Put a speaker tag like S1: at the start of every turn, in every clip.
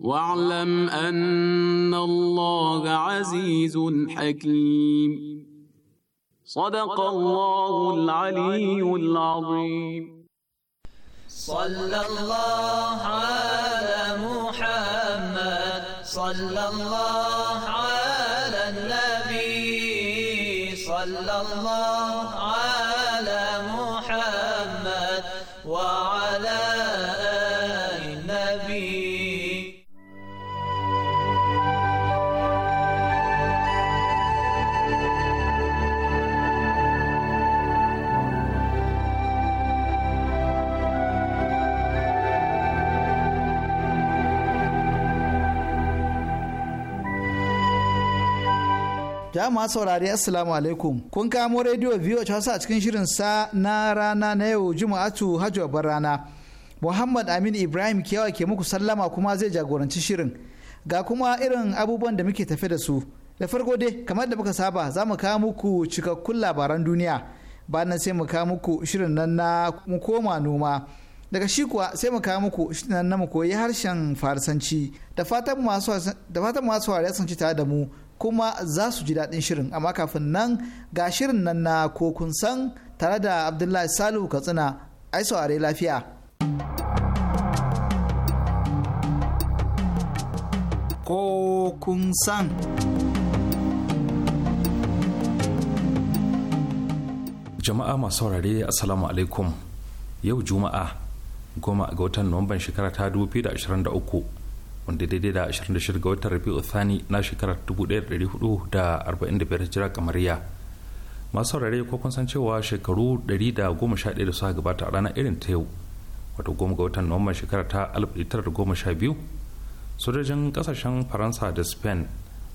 S1: واعلم ان الله عزيز حكيم
S2: صدق الله
S3: العلي
S2: العظيم صلى
S1: الله على محمد صلى الله على النبي صلى الله
S3: Ya ma saurari Assalamu alaikum. Kun kamo rediyo biyu Hausa a cikin shirin sa na rana na yau Juma'atu Hajji bar Rana. Muhammad Amin Ibrahim Kiyawa ke muku sallama kuma zai jagoranci shirin. Ga kuma irin abubuwan da muke tafe da su. Da farko dai kamar da muka saba za mu kawo muku cikakkun labaran duniya. nan sai mu kawo muku shirin nan na mu koma noma. daga shi kuwa sai mu kawo muku nan na mu koyi harshen farsanci da fatan masu wariya sun ci tare da mu kuma za su ji daɗin shirin amma kafin nan ga shirin nan na ko kun san tare da abdullahi salihu katsina ai saurare lafiya kokun san
S4: jama'a masu saurare assalamu alaikum yau juma'a goma ga watan nuwamban shekara ta 2023 wanda daidai da 26 ga watan rabi'u thani na shekarar 1445 hijira kamariya masu saurari ko kun san cewa shekaru 111 da suka gabata a ranar irin ta yau wato goma ga watan nuwamban shekarar ta 1912 sojojin kasashen faransa da spain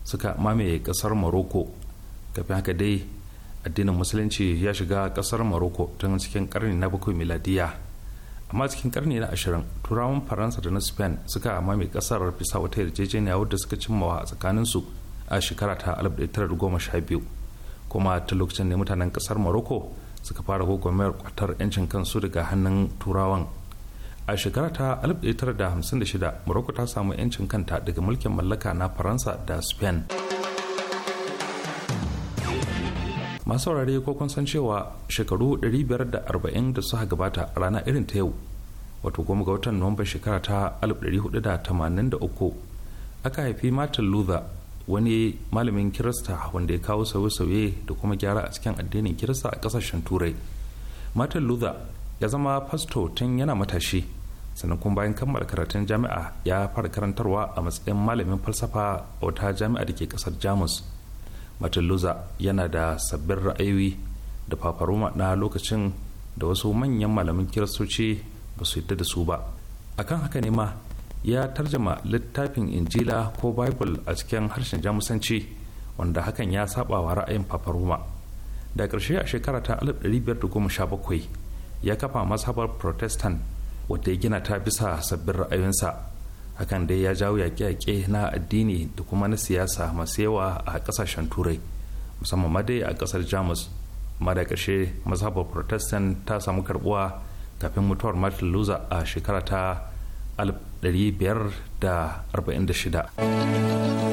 S4: suka mamaye kasar morocco kafin haka dai addinin musulunci ya shiga kasar morocco tun cikin karni na bakwai miladiya amma cikin karni na ashirin turawan faransa da na spain suka mame kasar bisa wata yarjejeniya wadda suka cimmawa a su a shekara ta 1912 kuma ta lokacin ne mutanen kasar morocco suka fara gwagwarmayar kwatar 'yancin kansu daga hannun turawan a shekara ta 1956 morocco ta samu 'yancin kanta daga mulkin mallaka na faransa da spain masu saurare ko kun san cewa shekaru 540 da suka gabata rana irin ta yau wato goma ga watan nuwamban shekara ta 1483 aka haifi martin luther wani malamin kirista wanda ya kawo sauye-sauye da kuma gyara a cikin addinin kirista a kasashen turai martin luther ya zama fasto tun yana matashi sannan kuma bayan kammala karatun jami'a ya fara karantarwa a matsayin malamin falsafa a wata jami'a da ke kasar jamus martin luther yana da sabbin ra'ayoyi da fafaroma na lokacin da wasu manyan malamin kiristoci ba su yadda da su ba akan haka ne ma ya tarjama littafin injila ko bible a cikin harshen jamusanci wanda hakan ya saba ra'ayin fafaroma da ƙarshe a shekara ta 1517 ya kafa mazhabar protestant wadda ya gina ta bisa sabbin ra'ayoyinsa hakan dai ya jawo yaƙe-yaƙe na addini da kuma na siyasa masu yawa a ƙasashen turai musamman ma dai a ƙasar jamus amma da ƙarshe mazhabar protestant ta samu karbuwa kafin mutuwar martin luther a shekara ta 1546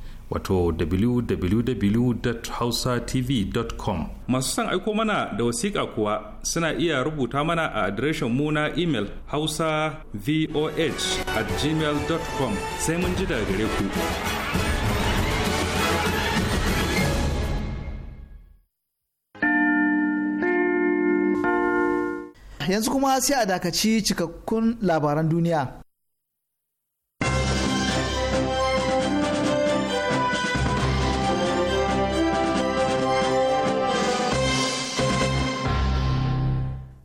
S4: wato www.hausatv.com masu son aiko mana da wasiƙa kuwa suna iya rubuta mana a adireshin mu na imel hausa voh at gmail.com sai mun ji daga gare ku
S3: yanzu kuma sai a dakaci cikakkun labaran duniya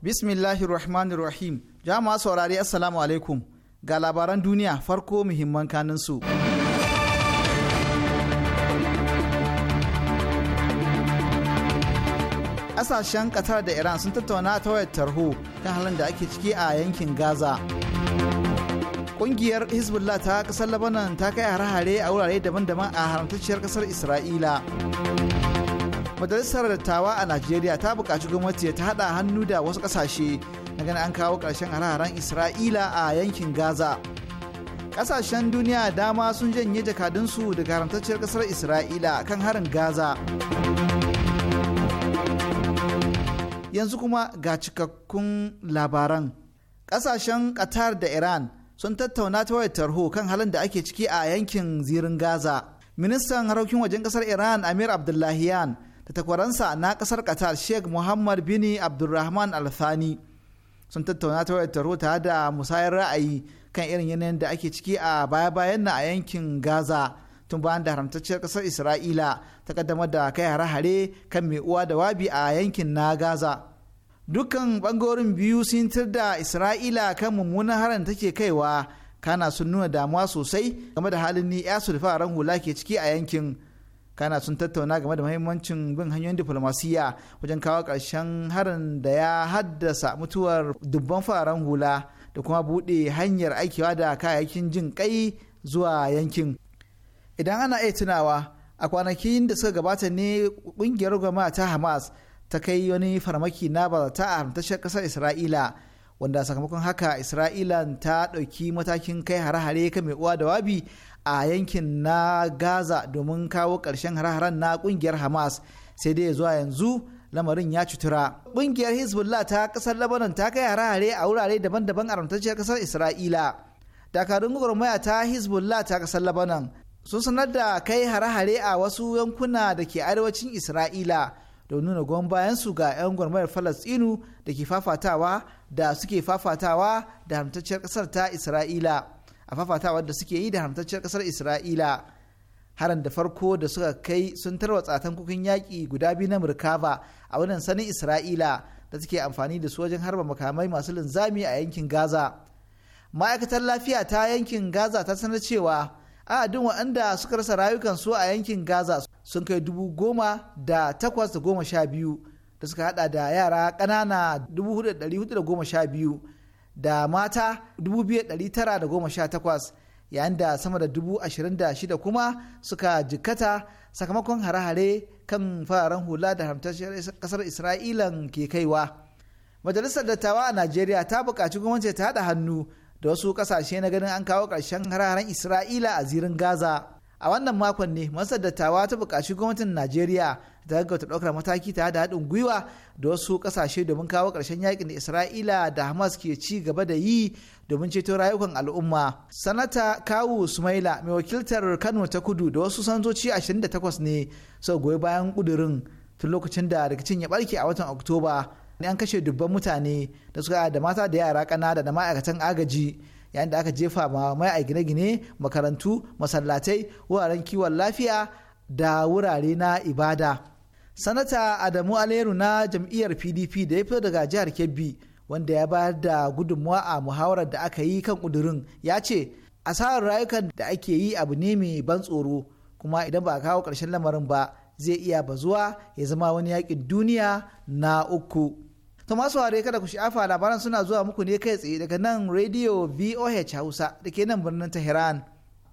S3: bismillahirrahmanirrahim Rahmanir Rahim. Jama'a saurari Assalamu alaikum. Ga labaran duniya farko muhimman kanin su. Ƙasashen Qatar da Iran sun tattauna ta wayar tarho kan halin da ake ciki a yankin Gaza. Ƙungiyar Hezbollah ta ƙasar labanan ta kai hare-hare a wurare daban-daban a haramtacciyar ƙasar Isra'ila. majalisar dattawa a najeriya ta bukaci gwamnati ta haɗa hannu da wasu ƙasashe na ganin an kawo karshen hare-haren isra'ila a yankin gaza ƙasashen duniya dama sun janye jakadunsu daga haramtacciyar kasar isra'ila kan harin gaza yanzu kuma ga cikakkun labaran ƙasashen qatar da iran sun tattauna ta wayar tarho kan halin da ake ciki a yankin zirin gaza ministan harokin wajen ƙasar iran amir abdullahiyan da takwaransa na kasar qatar sheikh muhammad bin abdulrahman alfani sun tattauna ta wayar taro tare da musayar ra'ayi kan irin yanayin da ake ciki a baya-bayan na a yankin gaza tun bayan da haramtacciyar kasar isra'ila ta kaddamar da kai hare-hare kan mai uwa da wabi a yankin na gaza dukkan bangarorin biyu sun tir da isra'ila kan mummunan harin take kaiwa kana sun nuna damuwa sosai game da halin ni ya sulfa ran hula ke ciki a yankin kana sun tattauna game da mahimmancin bin hanyoyin diflomasiyya wajen kawo ƙarshen harin da ya haddasa mutuwar dubban fararen hula da kuma buɗe hanyar aikewa da kayayyakin jin kai zuwa yankin idan ana iya tunawa a kwanakin da suka gabata ne ƙungiyar gwamnati ta hamas ta kai wani farmaki na bazata a tashar ƙasar isra'ila wanda sakamakon haka isra'ila ta ɗauki matakin kai hare-hare kan mai uwa da wabi a yankin na gaza domin kawo ƙarshen hare-haren na ƙungiyar hamas sai dai zuwa yanzu lamarin ya cutura ƙungiyar hezbollah ta ƙasar lebanon ta kai hare-hare a wurare daban-daban a rantacciyar ƙasar isra'ila dakarun gwagwarmaya ta hezbollah ta ƙasar lebanon sun sanar da kai hare-hare a wasu yankuna da ke arewacin isra'ila don nuna goyon bayansu ga 'yan gwagwarmayar falastinu da ke fafatawa da suke fafatawa da haramtacciyar kasar ta isra'ila a fafatawa da suke yi da haramtacciyar kasar isra'ila haran da farko da suka kai sun tarwa tsatan kukin yaƙi guda biyu na murkava a wannan sanin isra'ila da suke amfani da su wajen harba makamai masu linzami a yankin gaza ma'aikatar lafiya ta yankin gaza ta sanar cewa adadin waɗanda suka rasa rayukansu a yankin gaza sun kai dubu goma da takwas da goma sha biyu da suka hada da yara ƙanana 4,412 da mata 2,918 yayin da sama da 26,000 kuma suka jikkata sakamakon hare-hare kan fararen hula da haramtacciyar kasar isra'ilan ke kaiwa majalisar dattawa a najeriya ta bukaci gwamnati ta haɗa hannu da wasu ƙasashe na ganin an kawo karshen hararen isra'ila a zirin gaza a wannan makon ne masar dattawa ta bukaci gwamnatin najeriya da gaggauta ɗaukar mataki ta da haɗin gwiwa da wasu ƙasashe domin kawo ƙarshen yakin da isra'ila da hamas ke ci gaba da yi domin ceto rayukan al'umma sanata kawu sumaila mai wakiltar kano ta kudu da wasu sanzoci 28 ne sau goyi bayan ƙudurin tun lokacin da rikicin ya barke a watan oktoba ne an kashe dubban mutane da suka da mata da yara kana da ma'aikatan agaji yayin da aka jefa ma mai a gine-gine makarantu masallatai wuraren kiwon lafiya da wurare na ibada sanata adamu aleru na jam'iyyar pdp da ya fito daga jihar kebbi wanda ya bayar da gudunmuwa a muhawarar da aka yi kan kudurin ya ce asarar rayukan da ake yi abu ne mai ban tsoro kuma idan ba a kawo ƙarshen lamarin ba zai iya bazuwa ya zama wani yakin duniya na uku to masu ware kada ku sha'afa labaran suna zuwa muku ne kai tsaye daga nan radio voh hausa da ke nan birnin tehran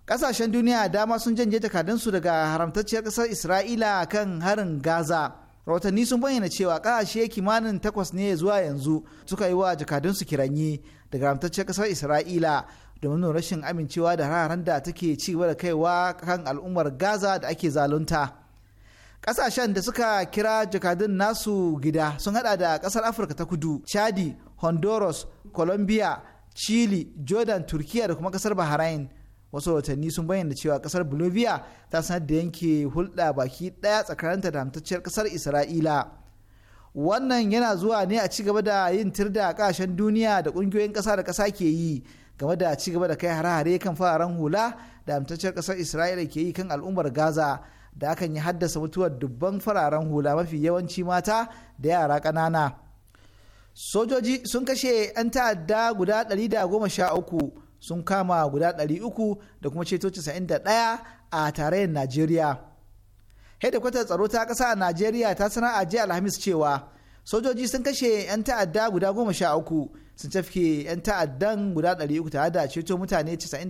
S3: kasashen duniya dama sun janje jakadunsu daga haramtacciyar kasar Isra'ila kan harin Gaza. Rahotanni sun bayyana cewa ƙasashe kimanin takwas ne zuwa yanzu suka yi wa jakadunsu kiranyi daga haramtacciyar ƙasar Isra'ila domin rashin amincewa da hararen da take ci da kaiwa kan al'ummar Gaza da ake zalunta. kasashen da suka kira jakadun nasu gida sun hada da kasar Afirka ta kudu, Chadi, Honduras, Colombia, Chile, Jordan, Turkiya da kuma kasar Bahrain. wasu watanni sun bayyana cewa kasar bolivia ta sanar da yanke hulɗa baki ɗaya tsakaninta da hamtacciyar kasar isra'ila wannan yana zuwa ne a cigaba da yin tir tirda kashen duniya da ƙungiyoyin ƙasa da ƙasa ke yi game da cigaba da kai hare-hare kan fararen hula da hamtacciyar ƙasar isra'ila ke yi kan al'ummar gaza da akan yi haddasa mutuwar dubban fararen hula mafi yawanci mata da yara ƙanana sojoji sun kashe 'yan ta'adda guda 113 sun kama guda 300 da kuma ceto 91 a tarayyar najeriya hedikwatar tsaro ta ƙasa a najeriya ta sanar a jiya alhamis cewa sojoji sun kashe 'yan ta'adda guda 13 sun tafke 'yan ta'addan guda 300 tare da ceto mutane 91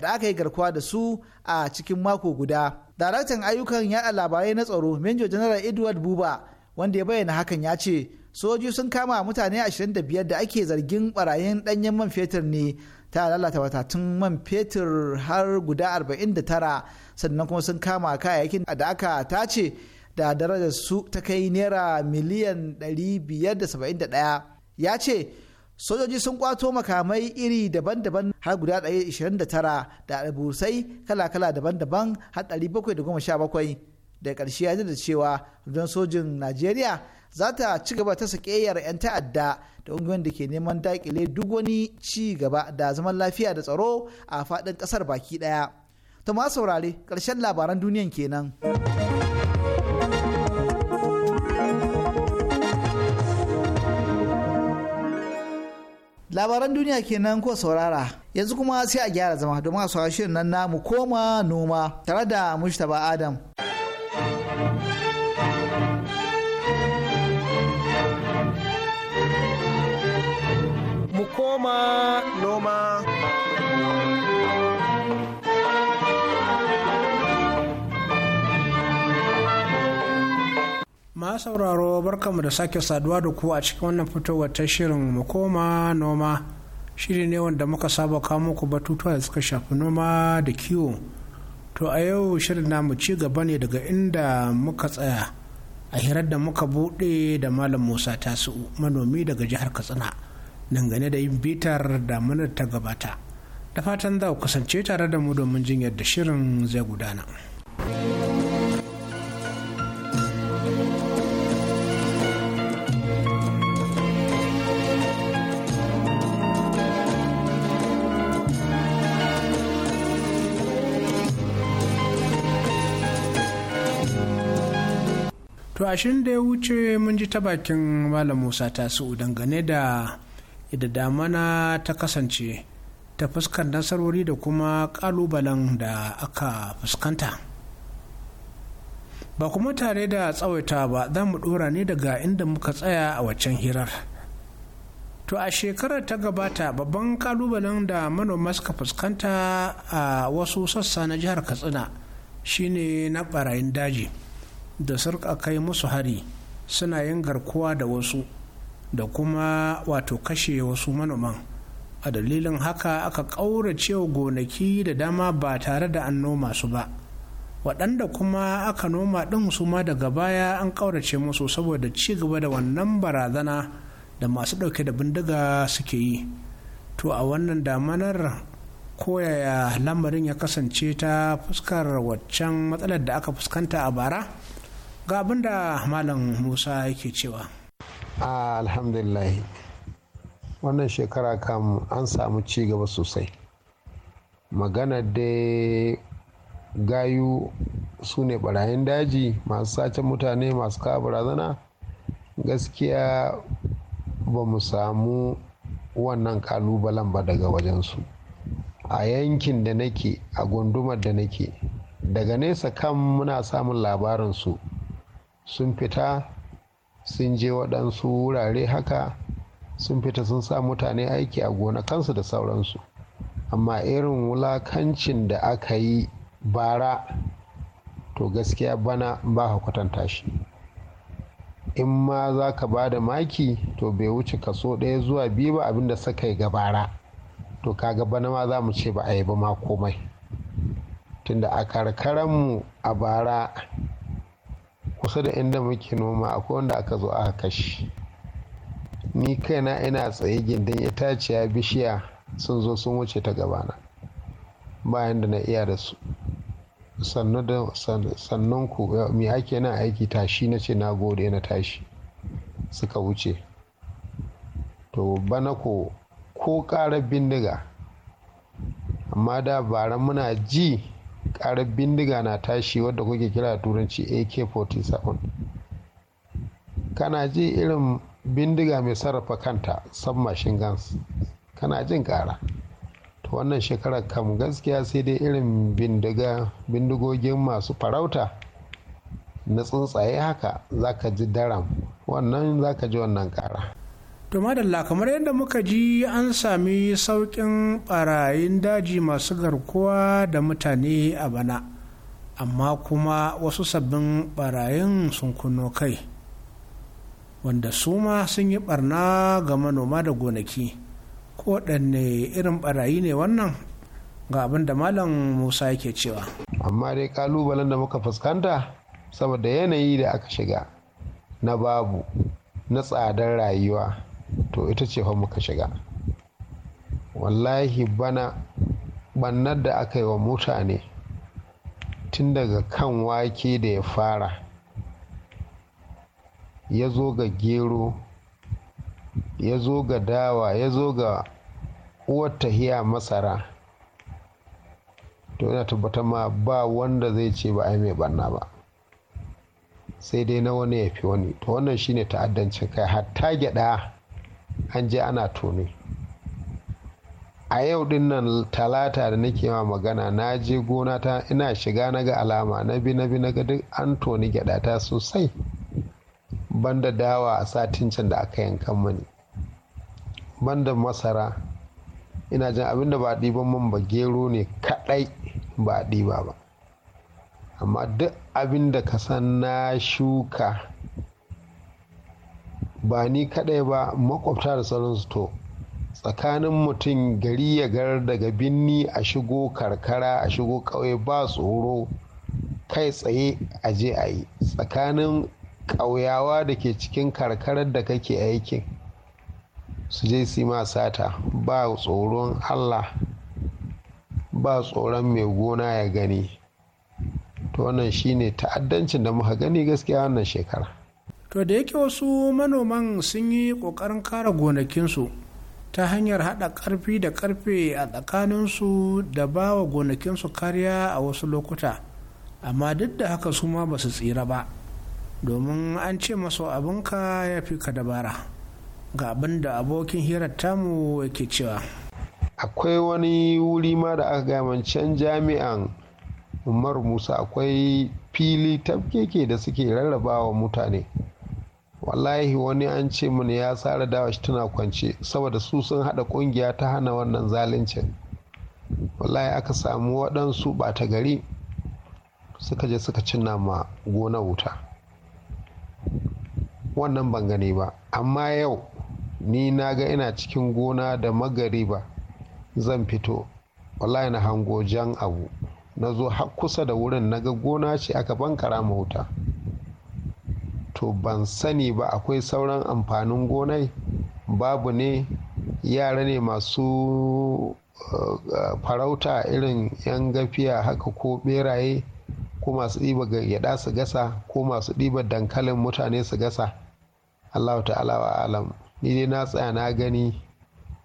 S3: da aka yi garkuwa da su a cikin mako guda daraktan ayyukan yaɗa labarai na tsaro major general edward buba wanda ya bayyana hakan ya ce sojoji sun kama mutane 25 da ake zargin barayin ɗanyen man fetur ne ta lalata wata tun man fetur har guda 49 sannan kuma sun kama kayayyakin da aka tace da darajar su ta kai naira miliyan 571 ya ce sojoji sun kwato makamai iri daban-daban har guda 129 da albursai kala-kala daban-daban har 717 da ƙarshe ya da cewa don sojin najeriya za ta ci gaba ta sakeyar 'yan ta'adda da ungiyoyin da ke neman dakile duk wani ci gaba da zaman lafiya da tsaro a faɗin ƙasar baki ɗaya. To ma saurare ƙarshen labaran duniyan kenan. Labaran duniya kenan ko saurara yanzu kuma sai a gyara zama domin a shirin nan namu koma noma tare da Mustapha Adam. noma
S1: noma ma sauraro barkamu da sake saduwa da ku a cikin wannan fitowar ta shirin mu koma noma shiri ne wanda muka saba kawo muku batutuwa da suka shafi noma da kiwo to a yau shirin namu ci gaba ne daga inda muka tsaya a hirar da muka buɗe da malam musa tasu manomi daga jihar katsina dangane da yin bitar damunar ta gabata da fatan za ku kasance tare da mu domin jin yadda shirin zai gudana. To ashin da ya wuce mun ji ta bakin Malam Musa Tasu'u dangane da da damana ta kasance ta fuskar nasarori da kuma kalubalen da aka fuskanta ba kuma tare da tsawaita ba za mu ɗora ne daga inda muka tsaya a waccan hirar to a shekarar ta gabata babban kalubalen da manoma suka fuskanta a wasu sassa na jihar katsina shine na ɓarayin daji da sarka kai musu hari suna yin garkuwa da wasu da kuma wato kashe wasu manoman a dalilin haka aka ƙaurace gonaki da dama ba tare da an noma su ba waɗanda kuma aka noma ɗin su ma daga baya an ƙaurace musu saboda ci gaba da wannan barazana da masu ɗauke da bindiga suke yi to a wannan damanar koyaya lamarin ya kasance ta fuskar waccan matsalar da aka fuskanta a bara ga abin da malam musa yake
S2: cewa alhamdulillah wannan shekara kam an samu ci gaba sosai magana dai gayu su ne barayin daji masu sace mutane masu kawo barazana gaskiya ba mu samu wannan kalubalen ba daga wajensu a yankin da nake a gundumar da nake daga nesa kan muna samun su sun fita sun je waɗansu wurare haka sun fita sun sa mutane aiki a gona kansu da sauransu amma irin wulakancin da aka yi bara to gaskiya bana ba ka kwatanta shi in ma za ka ba da maki to bai wuce kaso ɗaya zuwa biyu ba abinda suka yi bara. to kaga bana ma za mu ce ba a yi ba ma komai tunda a karkaranmu a bara kusa da inda muke noma akwai wanda aka zo aka kashe ni kaina ina tsaye gindin itaciya bishiya sun zo sun wuce ta gabana bayan da na iya da su sannan ku me ake nan aiki tashi na ce na gode na tashi suka wuce to bana ko ko karar bindiga amma da bara muna ji karar bindiga na tashi wadda kuke kira turanci ak-47 kana ji irin bindiga mai sarrafa kanta submachine guns kana jin ƙara to wannan shekarar kam gaskiya sai dai irin bindiga bindigogin masu farauta na tsuntsaye haka zaka ji daram wannan zaka ji wannan ƙara. to madalla kamar yadda muka ji an sami
S1: sauƙin barayin daji masu garkuwa da mutane a bana amma kuma wasu sabbin barayin sun kunno kai wanda su ma sun yi barna ga manoma da gonaki ko ɗanne
S2: irin barayi ne wannan ga abin da malam musa yake cewa amma dai kalubalen da muka fuskanta saboda yanayi da aka shiga na babu na tsadar rayuwa to ita ce fa muka shiga wallahi bana bannar da aka yi wa mutane tun daga kan wake da ya fara ya zo ga gero ya zo ga dawa ya zo ga uwar tahiya masara to yana tabbatar ma ba wanda zai ce ba ai mai banna ba sai dai na wani ya fi wani to wannan shine ta'addancin kai hatta gyada an je ana tone a yau din nan talata da nake ma magana na je gona ta ina shiga na ga alama na bi na bi na ga duk an toni gyada ta sosai banda dawa a satin can da aka yankan mani banda masara ina jin abin da ba ɗiban man ba gero ne kaɗai ba ɗiba ba amma duk abin da ka san na shuka ba ni kadai ba makwabta da sauransu to tsakanin mutum gari ya gar daga binni a shigo karkara a shigo kauye ba tsoro kai tsaye a je a yi tsakanin ƙauyawa da ke cikin karkarar da kake aikin su je su ma sata ba tsoron allah ba tsoron mai gona ya gani to wannan shine ta'addancin da muka gani gaskiya wannan shekara to da yake wasu manoman sun yi kokarin kara gonakinsu ta hanyar haɗa ƙarfi da
S1: karfe a tsakaninsu da ba wa gonakinsu kariya a wasu lokuta amma duk da haka su ma ba su tsira ba domin an ce masu abinka ya fi ka dabara ga abin da abokin hirar tamu yake cewa
S2: akwai wani wuri ma da aka gama can jami'an umar musa akwai fili tafkeke da suke rarrabawa mutane wallahi wani an ce mini ya tsara dawa shi tana kwance saboda su sun haɗa ƙungiya ta hana wannan zalincin wallahi aka samu waɗansu ɓata gari suka je suka cinna ma gona wuta wannan ban gani ba amma yau ni na ga ina cikin gona da magariba zan fito wallahi na hango jan abu na zo kusa da wurin na ga gona ce aka bankara ma wuta to ban sani ba akwai sauran amfanin gonai babu ne yara ne masu eh, eh, farauta irin 'yan gafiya haka ko beraye ko masu ɗiba gyaɗa su gasa ko masu ɗiba dankalin mutane su gasa allahu ta'ala wa alam ni dai na tsaya na gani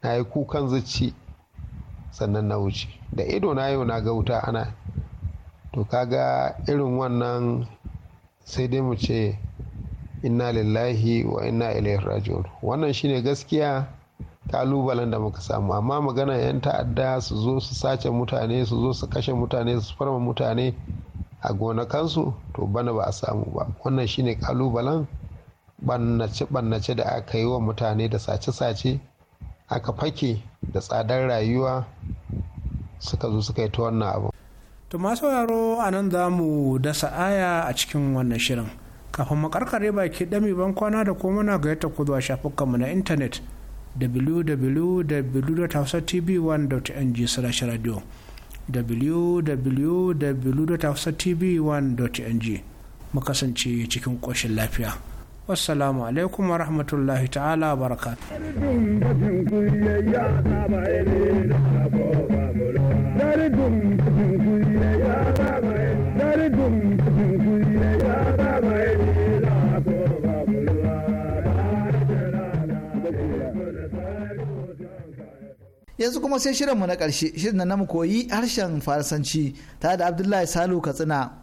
S2: na yi kukan zuci sannan na wuce da ido na yau na ga wuta ana to kaga irin wannan sai dai mu ce inna lillahi wa inna ilaihi raji'un wannan shine gaskiya kalubalen da muka samu amma magana 'yan ta'adda su zo su sace mutane su zo su kashe mutane su farma mutane a gonakansu to bana ba a samu ba wannan shine kalubalen bannace-bannace da aka yi wa mutane da sace-sace aka fake da tsadar rayuwa suka zo suka yi ta wannan abu. to masu sauraro a nan za
S1: mu dasa aya a cikin wannan shirin kafin makarkare baki dami ban kwana da kuma muna gayyata ku zuwa shafukanmu na intanet www.hausatv1.ng slash radio www.hausatv1.ng mu cikin koshin lafiya wassalamu alaikum wa rahmatullahi ta'ala wa
S3: yanzu kuma sai shirinmu na ƙarshe shirin na mu koyi harshen farsanci tare da abdullahi salu katsina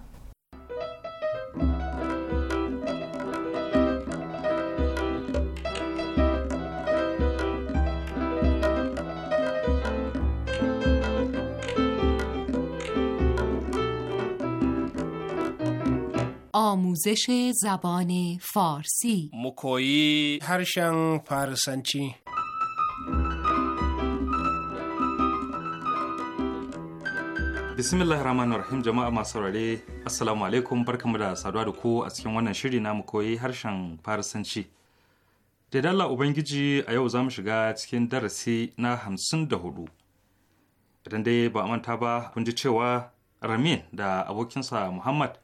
S5: آموزش زبان فارسی
S4: مکویی
S1: هرشن فارسنچی
S4: bismillah rahman rahim jama'a masu saurare assalamu alaikum barkamu da saduwa da ku a cikin wannan shiri namu koyi harshen farisanci da dalla ubangiji a yau za mu shiga cikin darasi na hamsin da hudu idan dai ba a manta ba kun ji cewa ramin da abokinsa muhammad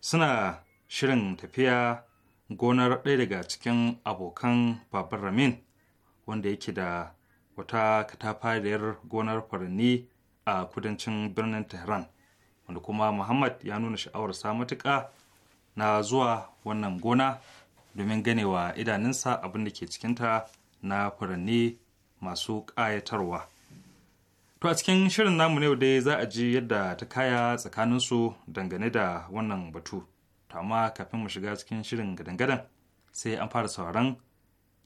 S4: suna shirin tafiya gonar ɗaya daga cikin abokan babar ramin wanda yake da wata katafariyar gonar furanni a kudancin birnin tehran wanda kuma muhammad ya nuna sha'awarsa matuƙa na zuwa wannan gona domin ganewa idanunsa abin da ke cikinta na furanni masu ƙayatarwa to a cikin shirin namu ne dai za a ji yadda ta kaya tsakaninsu dangane da wannan batu to amma kafin mu shiga cikin shirin gadangadan sai an fara sauran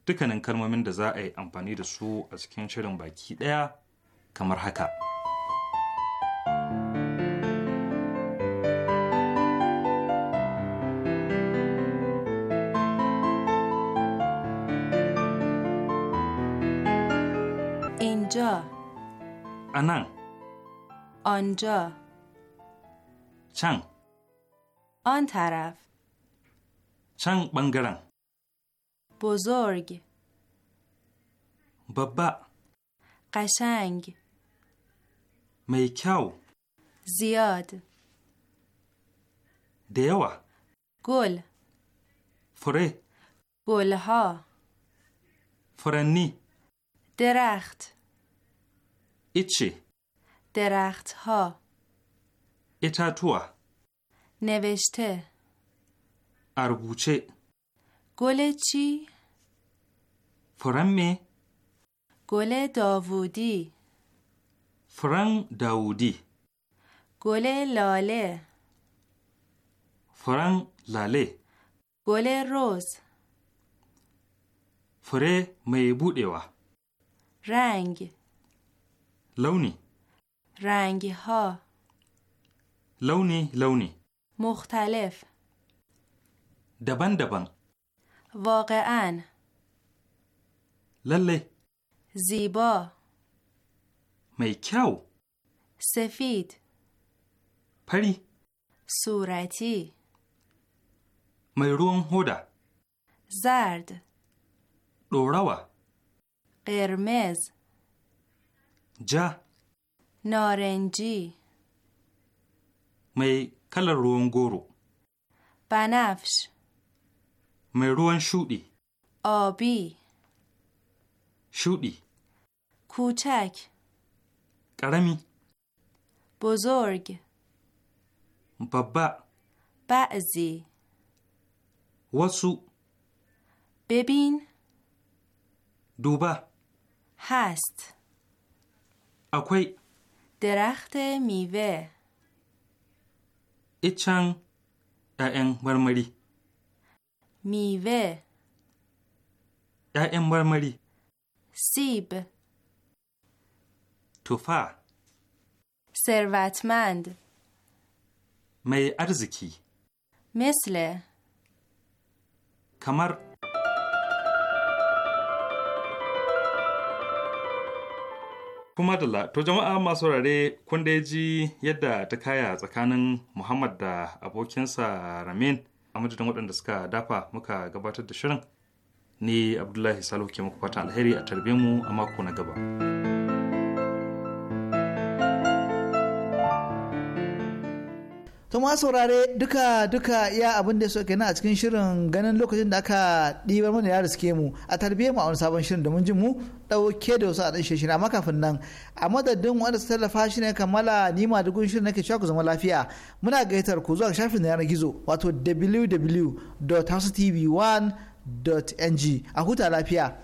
S4: dukkanin kalmomin da za a yi amfani da su a cikin shirin baki ɗaya kamar haka. nan آنجا چن
S5: آن طرف
S4: چن بنگرن
S5: بزرگ بابا قشنگ
S4: میکاو
S5: زیاد دیوا گل فره گلها
S4: فرنی
S5: درخت ایچی درخت ها اتاتوا نوشته
S4: اربوچه
S5: گل چی؟
S4: فرمه
S5: گل داوودی
S4: فرنگ داوودی
S5: گل لاله
S4: فرنگ لاله
S5: گل روز
S4: فره و
S5: رنگ لونی رنگ ها
S4: لونی لونی
S5: مختلف
S4: دبن دبن
S5: واقعا لله زیبا
S4: میکاو
S5: سفید پری صورتی
S4: میرون هودا
S5: زرد دوراوا قرمز جا نارنجی
S4: می کلر روان گورو
S5: بنفش
S4: می روان شودی
S5: آبی شودی کوچک قرمی بزرگ بابا بعضی وسو ببین دوبه هست اکوی درخت میوه
S4: ایچان این برمری
S5: میوه
S4: این برمری سیب توفا
S5: ثروتمند
S4: می ارزکی
S5: مثل
S4: کمر Kuma da to jama'a masu rare kun da ji yadda ta kaya tsakanin Muhammad da abokinsa Ramin a madadin waɗanda suka dafa muka gabatar da shirin. ne Abdullahi Salo ke muku fatan alheri a tarbe mu a mako na gaba.
S3: to ma saurare duka duka ya abin da suka kenan a cikin shirin ganin lokacin da aka ɗibar mana ya riske mu a tarbiyyar mu a wani sabon shirin da mun ji mu ɗauke da wasu a ɗan shirin amma kafin nan a madadin wanda su tallafa shi ne kammala nima gun shirin nake cewa ku zama lafiya muna gaitar ku zuwa shafin na yanar gizo wato www.housetv1.ng a huta lafiya